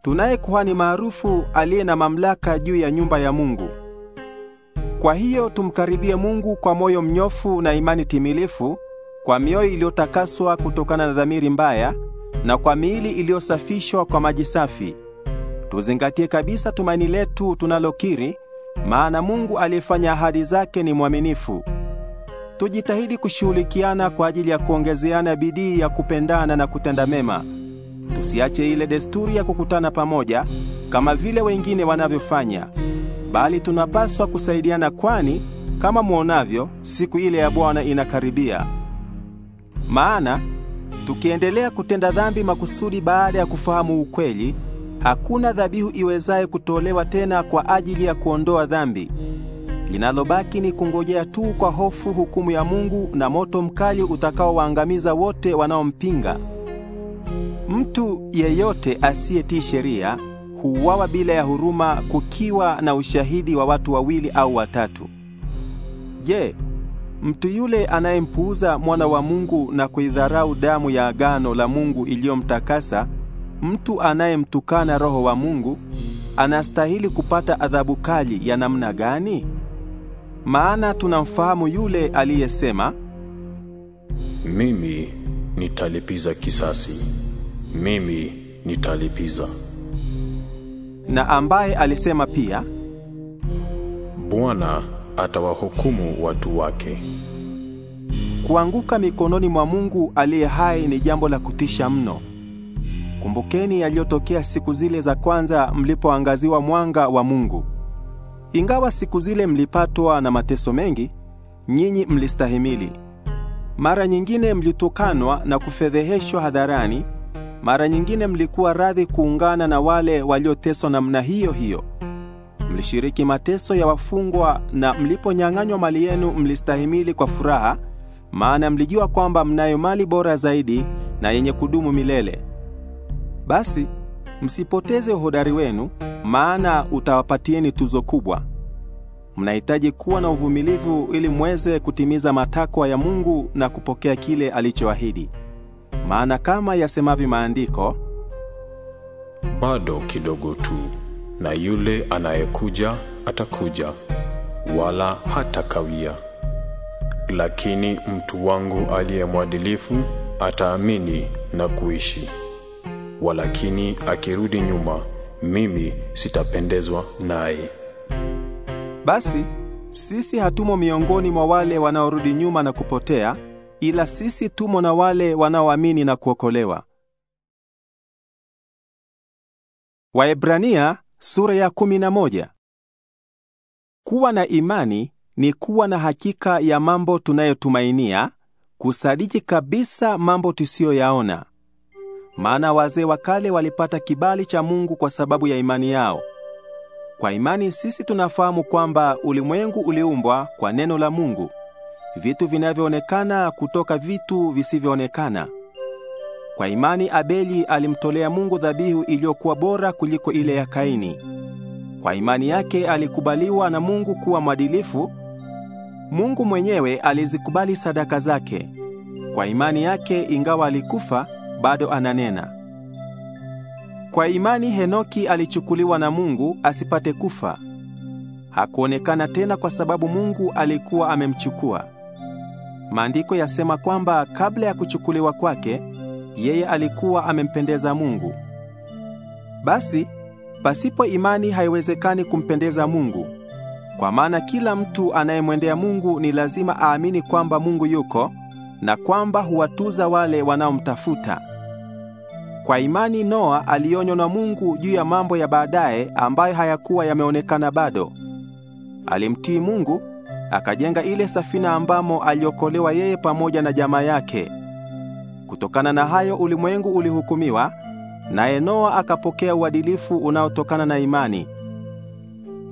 tunaye kuhani maarufu aliye na mamlaka juu ya nyumba ya Mungu. Kwa hiyo tumkaribie Mungu kwa moyo mnyofu na imani timilifu, kwa mioyo iliyotakaswa kutokana na dhamiri mbaya, na kwa miili iliyosafishwa kwa maji safi. Tuzingatie kabisa tumaini letu tunalokiri, maana Mungu aliyefanya ahadi zake ni mwaminifu. Tujitahidi kushughulikiana kwa ajili ya kuongezeana bidii ya kupendana na kutenda mema. Tusiache ile desturi ya kukutana pamoja kama vile wengine wanavyofanya, bali tunapaswa kusaidiana, kwani kama mwonavyo, siku ile ya Bwana inakaribia. Maana tukiendelea kutenda dhambi makusudi baada ya kufahamu ukweli, hakuna dhabihu iwezaye kutolewa tena kwa ajili ya kuondoa dhambi. Linalobaki ni kungojea tu kwa hofu hukumu ya Mungu na moto mkali utakaowaangamiza wote wanaompinga. Mtu yeyote asiyetii sheria huuawa bila ya huruma, kukiwa na ushahidi wa watu wawili au watatu. Je, mtu yule anayempuuza mwana wa Mungu na kuidharau damu ya agano la Mungu iliyomtakasa, mtu anayemtukana Roho wa Mungu anastahili kupata adhabu kali ya namna gani? Maana tunamfahamu yule aliyesema, mimi nitalipiza kisasi mimi nitalipiza. Na ambaye alisema pia, Bwana atawahukumu watu wake. Kuanguka mikononi mwa Mungu aliye hai ni jambo la kutisha mno. Kumbukeni yaliyotokea siku zile za kwanza mlipoangaziwa mwanga wa Mungu. Ingawa siku zile mlipatwa na mateso mengi, nyinyi mlistahimili. Mara nyingine mlitukanwa na kufedheheshwa hadharani mara nyingine mlikuwa radhi kuungana na wale walioteswa namna hiyo hiyo. Mlishiriki mateso ya wafungwa na mliponyang'anywa mali yenu mlistahimili kwa furaha, maana mlijua kwamba mnayo mali bora zaidi na yenye kudumu milele. Basi msipoteze uhodari wenu, maana utawapatieni tuzo kubwa. Mnahitaji kuwa na uvumilivu ili mweze kutimiza matakwa ya Mungu na kupokea kile alichoahidi. Maana kama yasemavyo maandiko, bado kidogo tu, na yule anayekuja atakuja, wala hatakawia. Lakini mtu wangu aliye mwadilifu ataamini na kuishi, walakini akirudi nyuma, mimi sitapendezwa naye. Basi sisi hatumo miongoni mwa wale wanaorudi nyuma na kupotea ila sisi tumo na wale wanaoamini na kuokolewa. Waebrania sura ya kumi na moja. Kuwa na imani ni kuwa na hakika ya mambo tunayotumainia, kusadiki kabisa mambo tusiyoyaona. Maana wazee wa kale walipata kibali cha Mungu kwa sababu ya imani yao. Kwa imani sisi tunafahamu kwamba ulimwengu uliumbwa kwa neno la Mungu, vitu vinavyoonekana kutoka vitu visivyoonekana. Kwa imani Abeli alimtolea Mungu dhabihu iliyokuwa bora kuliko ile ya Kaini. Kwa imani yake alikubaliwa na Mungu kuwa mwadilifu. Mungu mwenyewe alizikubali sadaka zake. Kwa imani yake, ingawa alikufa, bado ananena. Kwa imani Henoki alichukuliwa na Mungu asipate kufa. Hakuonekana tena kwa sababu Mungu alikuwa amemchukua. Maandiko yasema kwamba kabla ya kuchukuliwa kwake, yeye alikuwa amempendeza Mungu. Basi pasipo imani haiwezekani kumpendeza Mungu, kwa maana kila mtu anayemwendea Mungu ni lazima aamini kwamba Mungu yuko na kwamba huwatuza wale wanaomtafuta. Kwa imani Noa alionywa na Mungu juu ya mambo ya baadaye ambayo hayakuwa yameonekana bado. Alimtii Mungu akajenga ile safina ambamo aliokolewa yeye pamoja na jamaa yake. Kutokana na hayo ulimwengu ulihukumiwa, naye Noa akapokea uadilifu unaotokana na imani.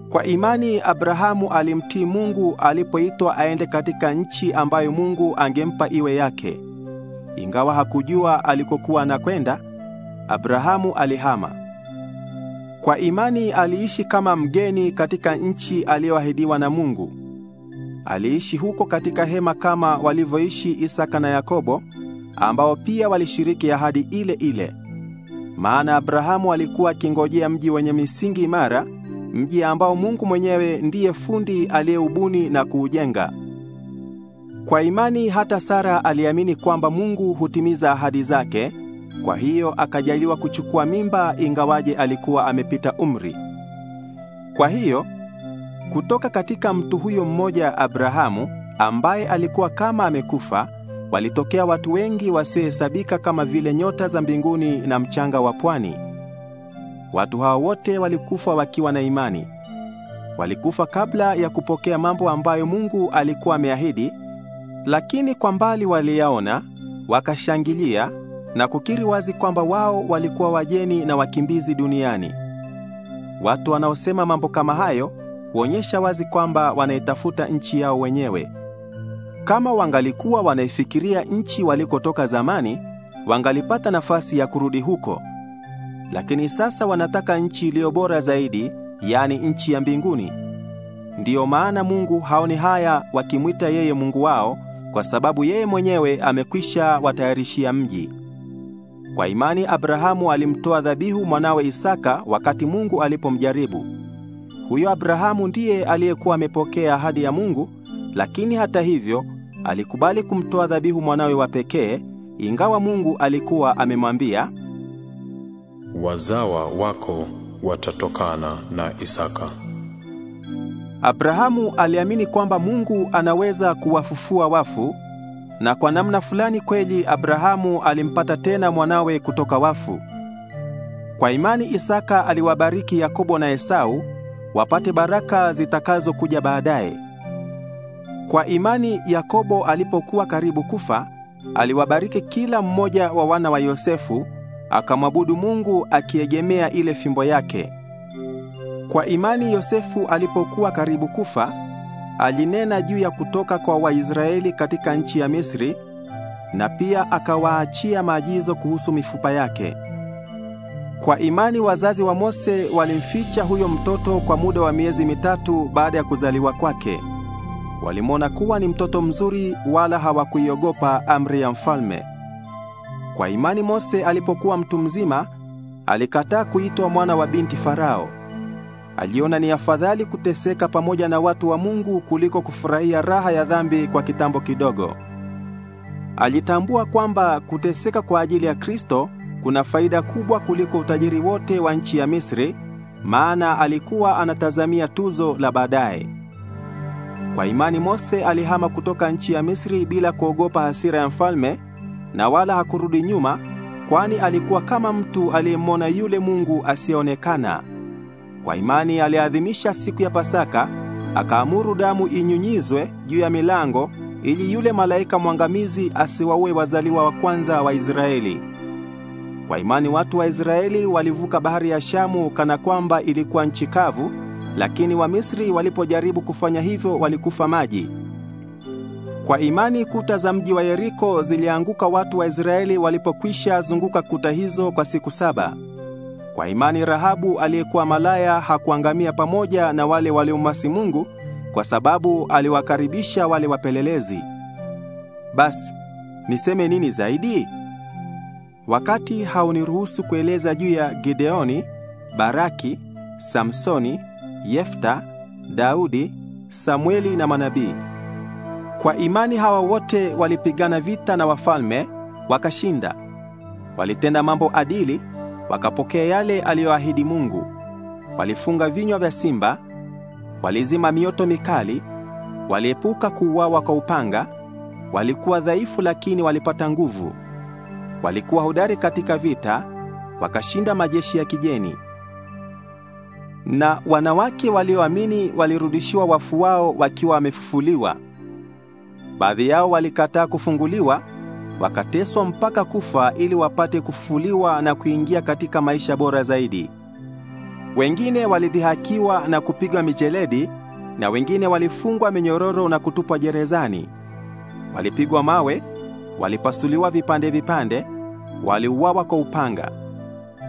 Kwa imani Abrahamu alimtii Mungu alipoitwa aende katika nchi ambayo Mungu angempa iwe yake. Ingawa hakujua alikokuwa anakwenda, Abrahamu alihama. Kwa imani aliishi kama mgeni katika nchi aliyoahidiwa na Mungu. Aliishi huko katika hema kama walivyoishi Isaka na Yakobo, ambao pia walishiriki ahadi ile ile. Maana Abrahamu alikuwa akingojea mji wenye misingi imara, mji ambao Mungu mwenyewe ndiye fundi aliyeubuni na kuujenga. Kwa imani hata Sara aliamini kwamba Mungu hutimiza ahadi zake, kwa hiyo akajaliwa kuchukua mimba ingawaje alikuwa amepita umri. Kwa hiyo kutoka katika mtu huyo mmoja Abrahamu, ambaye alikuwa kama amekufa, walitokea watu wengi wasiohesabika kama vile nyota za mbinguni na mchanga wa pwani. Watu hao wote walikufa wakiwa na imani. Walikufa kabla ya kupokea mambo ambayo Mungu alikuwa ameahidi, lakini kwa mbali waliyaona, wakashangilia na kukiri wazi kwamba wao walikuwa wajeni na wakimbizi duniani. Watu wanaosema mambo kama hayo kuonyesha wazi kwamba wanaitafuta nchi yao wenyewe. Kama wangalikuwa wanaifikiria nchi walikotoka zamani, wangalipata nafasi ya kurudi huko. Lakini sasa wanataka nchi iliyo bora zaidi, yaani nchi ya mbinguni. Ndiyo maana Mungu haoni haya wakimwita yeye Mungu wao, kwa sababu yeye mwenyewe amekwisha watayarishia mji. Kwa imani Abrahamu alimtoa dhabihu mwanawe Isaka wakati Mungu alipomjaribu. Huyo Abrahamu ndiye aliyekuwa amepokea ahadi ya Mungu, lakini hata hivyo alikubali kumtoa dhabihu mwanawe wa pekee, ingawa Mungu alikuwa amemwambia, wazawa wako watatokana na Isaka. Abrahamu aliamini kwamba Mungu anaweza kuwafufua wafu, na kwa namna fulani kweli Abrahamu alimpata tena mwanawe kutoka wafu. Kwa imani Isaka aliwabariki Yakobo na Esau wapate baraka zitakazokuja baadaye. Kwa imani Yakobo alipokuwa karibu kufa, aliwabariki kila mmoja wa wana wa Yosefu, akamwabudu Mungu akiegemea ile fimbo yake. Kwa imani Yosefu alipokuwa karibu kufa, alinena juu ya kutoka kwa Waisraeli katika nchi ya Misri na pia akawaachia maagizo kuhusu mifupa yake. Kwa imani wazazi wa Mose walimficha huyo mtoto kwa muda wa miezi mitatu baada ya kuzaliwa kwake. Walimwona kuwa ni mtoto mzuri wala hawakuiogopa amri ya mfalme. Kwa imani Mose alipokuwa mtu mzima, alikataa kuitwa mwana wa binti Farao. Aliona ni afadhali kuteseka pamoja na watu wa Mungu kuliko kufurahia raha ya dhambi kwa kitambo kidogo. Alitambua kwamba kuteseka kwa ajili ya Kristo kuna faida kubwa kuliko utajiri wote wa nchi ya Misri, maana alikuwa anatazamia tuzo la baadaye. Kwa imani Mose alihama kutoka nchi ya Misri bila kuogopa hasira ya mfalme, na wala hakurudi nyuma, kwani alikuwa kama mtu aliyemwona yule Mungu asiyeonekana. Kwa imani aliadhimisha siku ya Pasaka, akaamuru damu inyunyizwe juu ya milango ili yule malaika mwangamizi asiwaue wazaliwa wa kwanza wa Israeli. Kwa imani watu wa Israeli walivuka bahari ya Shamu kana kwamba ilikuwa nchi kavu, lakini Wamisri walipojaribu kufanya hivyo walikufa maji. Kwa imani kuta za mji wa Yeriko zilianguka watu wa Israeli walipokwisha zunguka kuta hizo kwa siku saba. Kwa imani Rahabu aliyekuwa malaya hakuangamia pamoja na wale waliomwasi Mungu kwa sababu aliwakaribisha wale wapelelezi. Basi, niseme nini zaidi? Wakati hauniruhusu kueleza juu ya Gideoni, Baraki, Samsoni, Yefta, Daudi, Samueli na manabii. Kwa imani hawa wote walipigana vita na wafalme wakashinda. Walitenda mambo adili, wakapokea yale aliyoahidi Mungu. Walifunga vinywa vya simba, walizima mioto mikali, waliepuka kuuawa kwa upanga, walikuwa dhaifu lakini walipata nguvu walikuwa hodari katika vita, wakashinda majeshi ya kigeni. Na wanawake walioamini walirudishiwa wafu wao wakiwa wamefufuliwa. Baadhi yao walikataa kufunguliwa, wakateswa mpaka kufa ili wapate kufufuliwa na kuingia katika maisha bora zaidi. Wengine walidhihakiwa na kupigwa mijeledi, na wengine walifungwa minyororo na kutupwa gerezani. Walipigwa mawe walipasuliwa vipande vipande, waliuawa kwa upanga,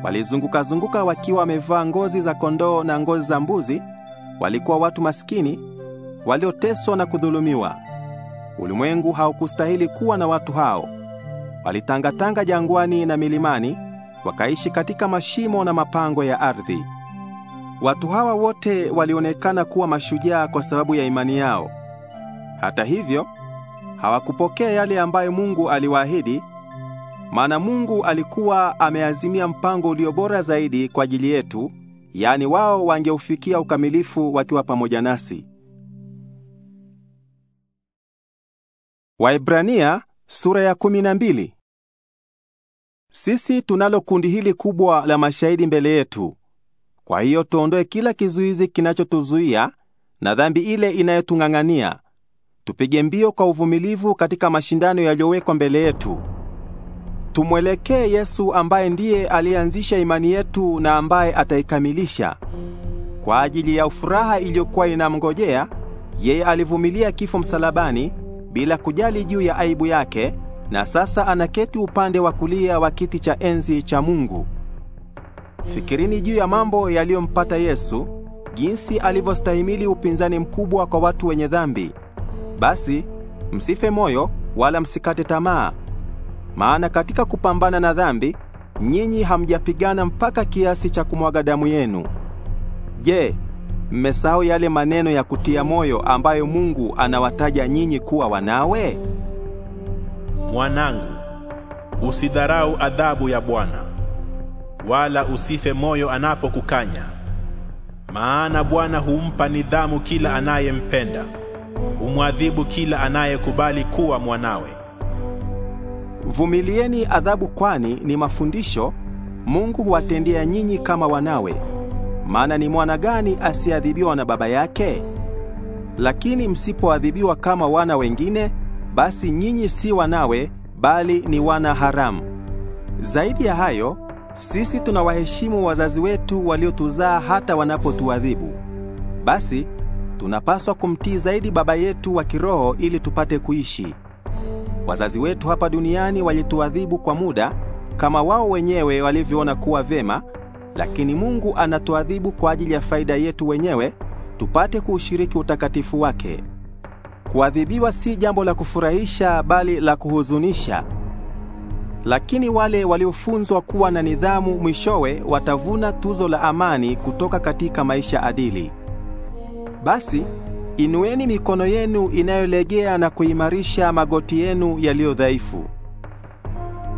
walizunguka-zunguka wakiwa wamevaa ngozi za kondoo na ngozi za mbuzi. Walikuwa watu maskini walioteswa na kudhulumiwa. Ulimwengu haukustahili kuwa na watu hao. Walitangatanga jangwani na milimani, wakaishi katika mashimo na mapango ya ardhi. Watu hawa wote walionekana kuwa mashujaa kwa sababu ya imani yao. Hata hivyo, hawakupokea yale ambayo Mungu aliwaahidi, maana Mungu alikuwa ameazimia mpango ulio bora zaidi kwa ajili yetu, yaani wao wangeufikia ukamilifu wakiwa pamoja nasi. Waibrania sura ya kumi na mbili. Sisi tunalo kundi hili kubwa la mashahidi mbele yetu. Kwa hiyo tuondoe kila kizuizi kinachotuzuia na dhambi ile inayotung'ang'ania Tupige mbio kwa uvumilivu katika mashindano yaliyowekwa mbele yetu. Tumwelekee Yesu ambaye ndiye alianzisha imani yetu na ambaye ataikamilisha. Kwa ajili ya furaha iliyokuwa inamngojea, yeye alivumilia kifo msalabani bila kujali juu ya aibu yake na sasa anaketi upande wa kulia wa kiti cha enzi cha Mungu. Fikirini juu ya mambo yaliyompata Yesu, jinsi alivyostahimili upinzani mkubwa kwa watu wenye dhambi. Basi msife moyo wala msikate tamaa, maana katika kupambana na dhambi nyinyi hamjapigana mpaka kiasi cha kumwaga damu yenu. Je, mmesahau yale maneno ya kutia moyo ambayo Mungu anawataja nyinyi kuwa wanawe? Mwanangu, usidharau adhabu ya Bwana, wala usife moyo anapokukanya, maana Bwana humpa nidhamu kila anayempenda umwadhibu kila anayekubali kuwa mwanawe. Vumilieni adhabu, kwani ni mafundisho Mungu huwatendea nyinyi kama wanawe. Maana ni mwana gani asiyeadhibiwa na baba yake? Lakini msipoadhibiwa kama wana wengine, basi nyinyi si wanawe, bali ni wana haramu. Zaidi ya hayo, sisi tunawaheshimu wazazi wetu waliotuzaa hata wanapotuadhibu. Basi tunapaswa kumtii zaidi Baba yetu wa kiroho ili tupate kuishi. Wazazi wetu hapa duniani walituadhibu kwa muda kama wao wenyewe walivyoona kuwa vyema, lakini Mungu anatuadhibu kwa ajili ya faida yetu wenyewe, tupate kuushiriki utakatifu wake. Kuadhibiwa si jambo la kufurahisha, bali la kuhuzunisha. Lakini wale waliofunzwa kuwa na nidhamu mwishowe watavuna tuzo la amani kutoka katika maisha adili. Basi inueni mikono yenu inayolegea na kuimarisha magoti yenu yaliyo dhaifu.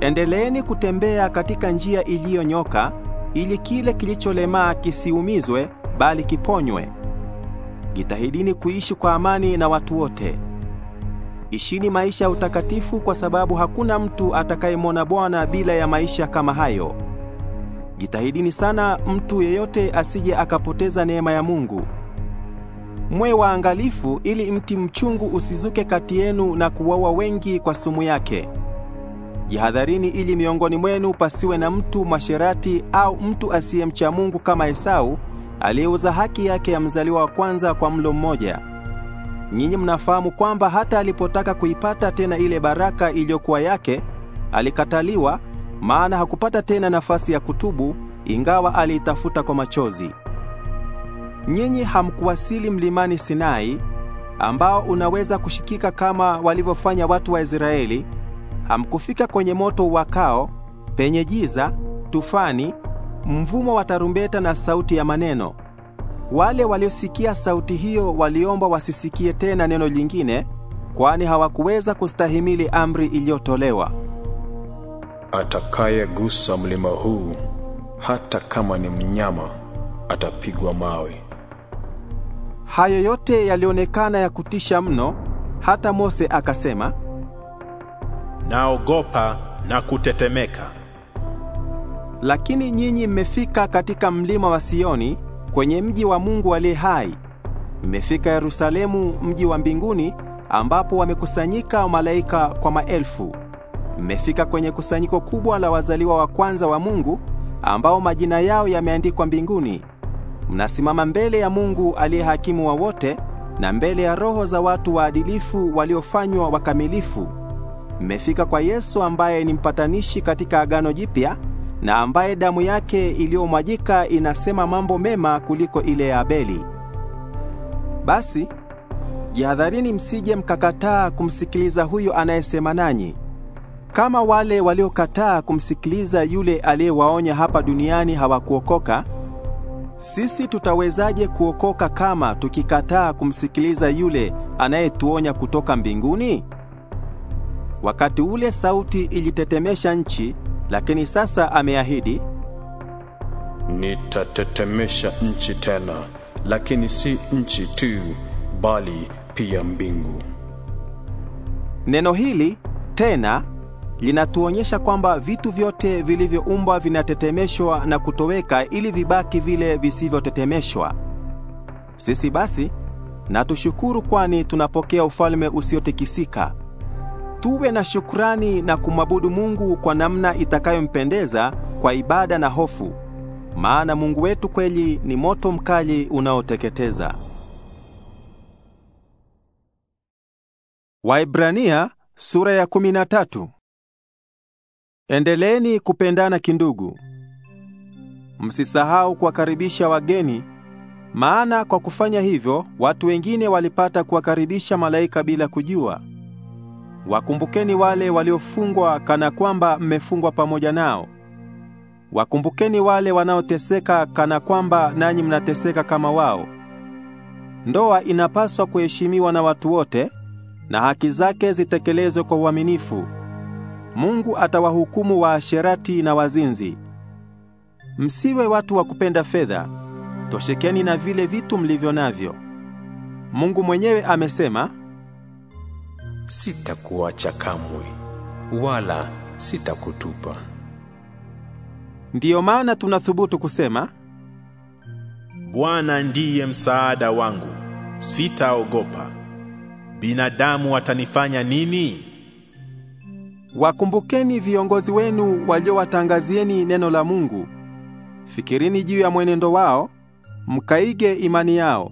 Endeleeni kutembea katika njia iliyonyoka, ili kile kilicholemaa kisiumizwe, bali kiponywe. Jitahidini kuishi kwa amani na watu wote. Ishini maisha ya utakatifu, kwa sababu hakuna mtu atakayemwona Bwana bila ya maisha kama hayo. Jitahidini sana mtu yeyote asije akapoteza neema ya Mungu. Mwe waangalifu ili mti mchungu usizuke kati yenu na kuwaua wengi kwa sumu yake. Jihadharini ili miongoni mwenu pasiwe na mtu masherati au mtu asiyemcha Mungu kama Esau aliyeuza haki yake ya mzaliwa wa kwanza kwa mlo mmoja. Nyinyi mnafahamu kwamba hata alipotaka kuipata tena ile baraka iliyokuwa yake, alikataliwa, maana hakupata tena nafasi ya kutubu, ingawa aliitafuta kwa machozi nyinyi hamkuwasili mlimani Sinai ambao unaweza kushikika kama walivyofanya watu wa Israeli. Hamkufika kwenye moto uwakao, penye giza, tufani, mvumo wa tarumbeta na sauti ya maneno. Wale waliosikia sauti hiyo waliomba wasisikie tena neno lingine, kwani hawakuweza kustahimili amri iliyotolewa. Atakayegusa mlima huu, hata kama ni mnyama, atapigwa mawe. Hayo yote yalionekana ya kutisha mno, hata Mose akasema, naogopa na kutetemeka. Lakini nyinyi mmefika katika mlima wa Sioni, kwenye mji wa Mungu aliye hai. Mmefika Yerusalemu, mji wa mbinguni, ambapo wamekusanyika malaika kwa maelfu. Mmefika kwenye kusanyiko kubwa la wazaliwa wa kwanza wa Mungu, ambao majina yao yameandikwa mbinguni mnasimama mbele ya Mungu aliye hakimu wa wote na mbele ya roho za watu waadilifu waliofanywa wakamilifu. Mmefika kwa Yesu ambaye ni mpatanishi katika agano jipya na ambaye damu yake iliyomwajika inasema mambo mema kuliko ile ya Abeli. Basi jihadharini msije mkakataa kumsikiliza huyo anayesema nanyi. Kama wale waliokataa kumsikiliza yule aliyewaonya hapa duniani hawakuokoka, sisi tutawezaje kuokoka kama tukikataa kumsikiliza yule anayetuonya kutoka mbinguni? Wakati ule sauti ilitetemesha nchi, lakini sasa ameahidi, nitatetemesha nchi tena, lakini si nchi tu, bali pia mbingu. Neno hili tena linatuonyesha kwamba vitu vyote vilivyoumbwa vinatetemeshwa na kutoweka ili vibaki vile visivyotetemeshwa. Sisi basi na tushukuru, kwani tunapokea ufalme usiotikisika. Tuwe na shukrani na kumwabudu Mungu kwa namna itakayompendeza kwa ibada na hofu, maana Mungu wetu kweli ni moto mkali unaoteketeza. Waibrania sura ya Endeleeni kupendana kindugu. Msisahau kuwakaribisha wageni, maana kwa kufanya hivyo watu wengine walipata kuwakaribisha malaika bila kujua. Wakumbukeni wale waliofungwa kana kwamba mmefungwa pamoja nao. Wakumbukeni wale wanaoteseka kana kwamba nanyi mnateseka kama wao. Ndoa inapaswa kuheshimiwa na watu wote na haki zake zitekelezwe kwa uaminifu. Mungu atawahukumu waasherati na wazinzi. Msiwe watu wa kupenda fedha, toshekeni na vile vitu mlivyo navyo. Mungu mwenyewe amesema, sitakuacha kamwe wala sitakutupa. Ndiyo maana tunathubutu kusema, Bwana ndiye msaada wangu, sitaogopa. Binadamu watanifanya nini? Wakumbukeni viongozi wenu waliowatangazieni neno la Mungu. Fikirini juu ya mwenendo wao, mkaige imani yao.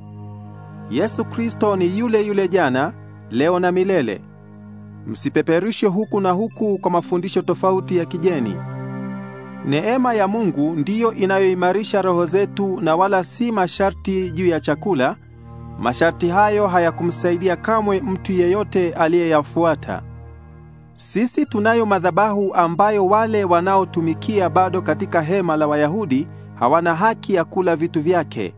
Yesu Kristo ni yule yule jana, leo na milele. Msipeperushwe huku na huku kwa mafundisho tofauti ya kigeni. Neema ya Mungu ndiyo inayoimarisha roho zetu na wala si masharti juu ya chakula. Masharti hayo hayakumsaidia kamwe mtu yeyote aliyeyafuata. Sisi tunayo madhabahu ambayo wale wanaotumikia bado katika hema la Wayahudi hawana haki ya kula vitu vyake.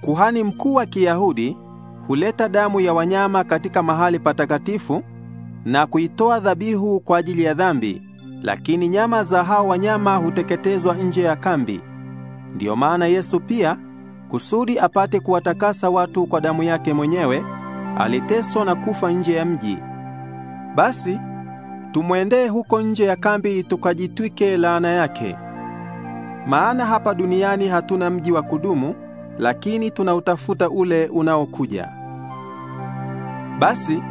Kuhani mkuu wa Kiyahudi huleta damu ya wanyama katika mahali patakatifu na kuitoa dhabihu kwa ajili ya dhambi, lakini nyama za hao wanyama huteketezwa nje ya kambi. Ndiyo maana Yesu pia kusudi apate kuwatakasa watu kwa damu yake mwenyewe, aliteswa na kufa nje ya mji. Basi tumwendee huko nje ya kambi tukajitwike laana yake. Maana hapa duniani hatuna mji wa kudumu, lakini tunautafuta ule unaokuja. Basi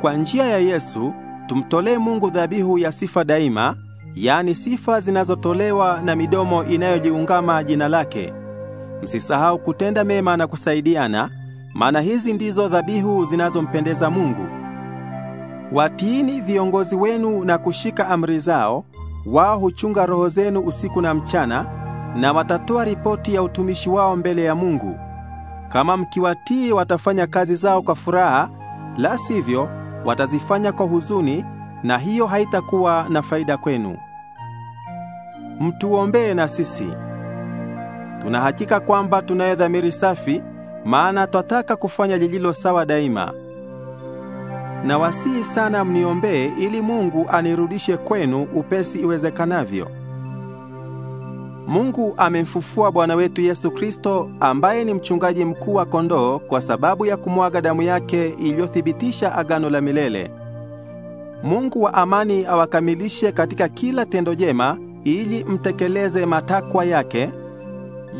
kwa njia ya Yesu tumtolee Mungu dhabihu ya sifa daima, yaani sifa zinazotolewa na midomo inayojiungama jina lake. Msisahau kutenda mema na kusaidiana, maana hizi ndizo dhabihu zinazompendeza Mungu. Watiini viongozi wenu na kushika amri zao, wao huchunga roho zenu usiku na mchana, na watatoa ripoti ya utumishi wao mbele ya Mungu. Kama mkiwatii, watafanya kazi zao kwa furaha, la sivyo watazifanya kwa huzuni, na hiyo haitakuwa na faida kwenu. Mtuombee na sisi. Tunahakika kwamba tunaye dhamiri safi, maana twataka kufanya lililo sawa daima na wasihi sana mniombee ili Mungu anirudishe kwenu upesi iwezekanavyo. Mungu amemfufua Bwana wetu Yesu Kristo ambaye ni mchungaji mkuu wa kondoo kwa sababu ya kumwaga damu yake iliyothibitisha agano la milele. Mungu wa amani awakamilishe katika kila tendo jema ili mtekeleze matakwa yake.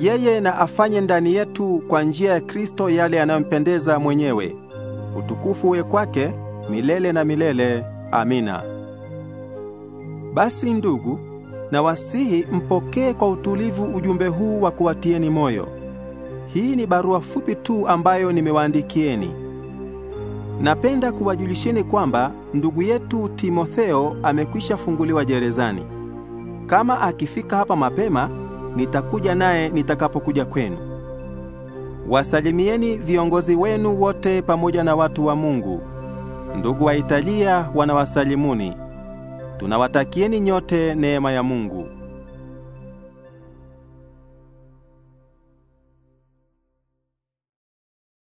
Yeye na afanye ndani yetu kwa njia ya Kristo yale yanayompendeza mwenyewe. Utukufu uwe kwake milele na milele. Amina. Basi ndugu, nawasihi mpokee kwa utulivu ujumbe huu wa kuwatieni moyo. Hii ni barua fupi tu ambayo nimewaandikieni. Napenda kuwajulisheni kwamba ndugu yetu Timotheo amekwisha funguliwa gerezani. Kama akifika hapa mapema, nitakuja naye nitakapokuja kwenu. Wasalimieni viongozi wenu wote pamoja na watu wa Mungu. Ndugu wa Italia wanawasalimuni. Tunawatakieni nyote neema ya Mungu.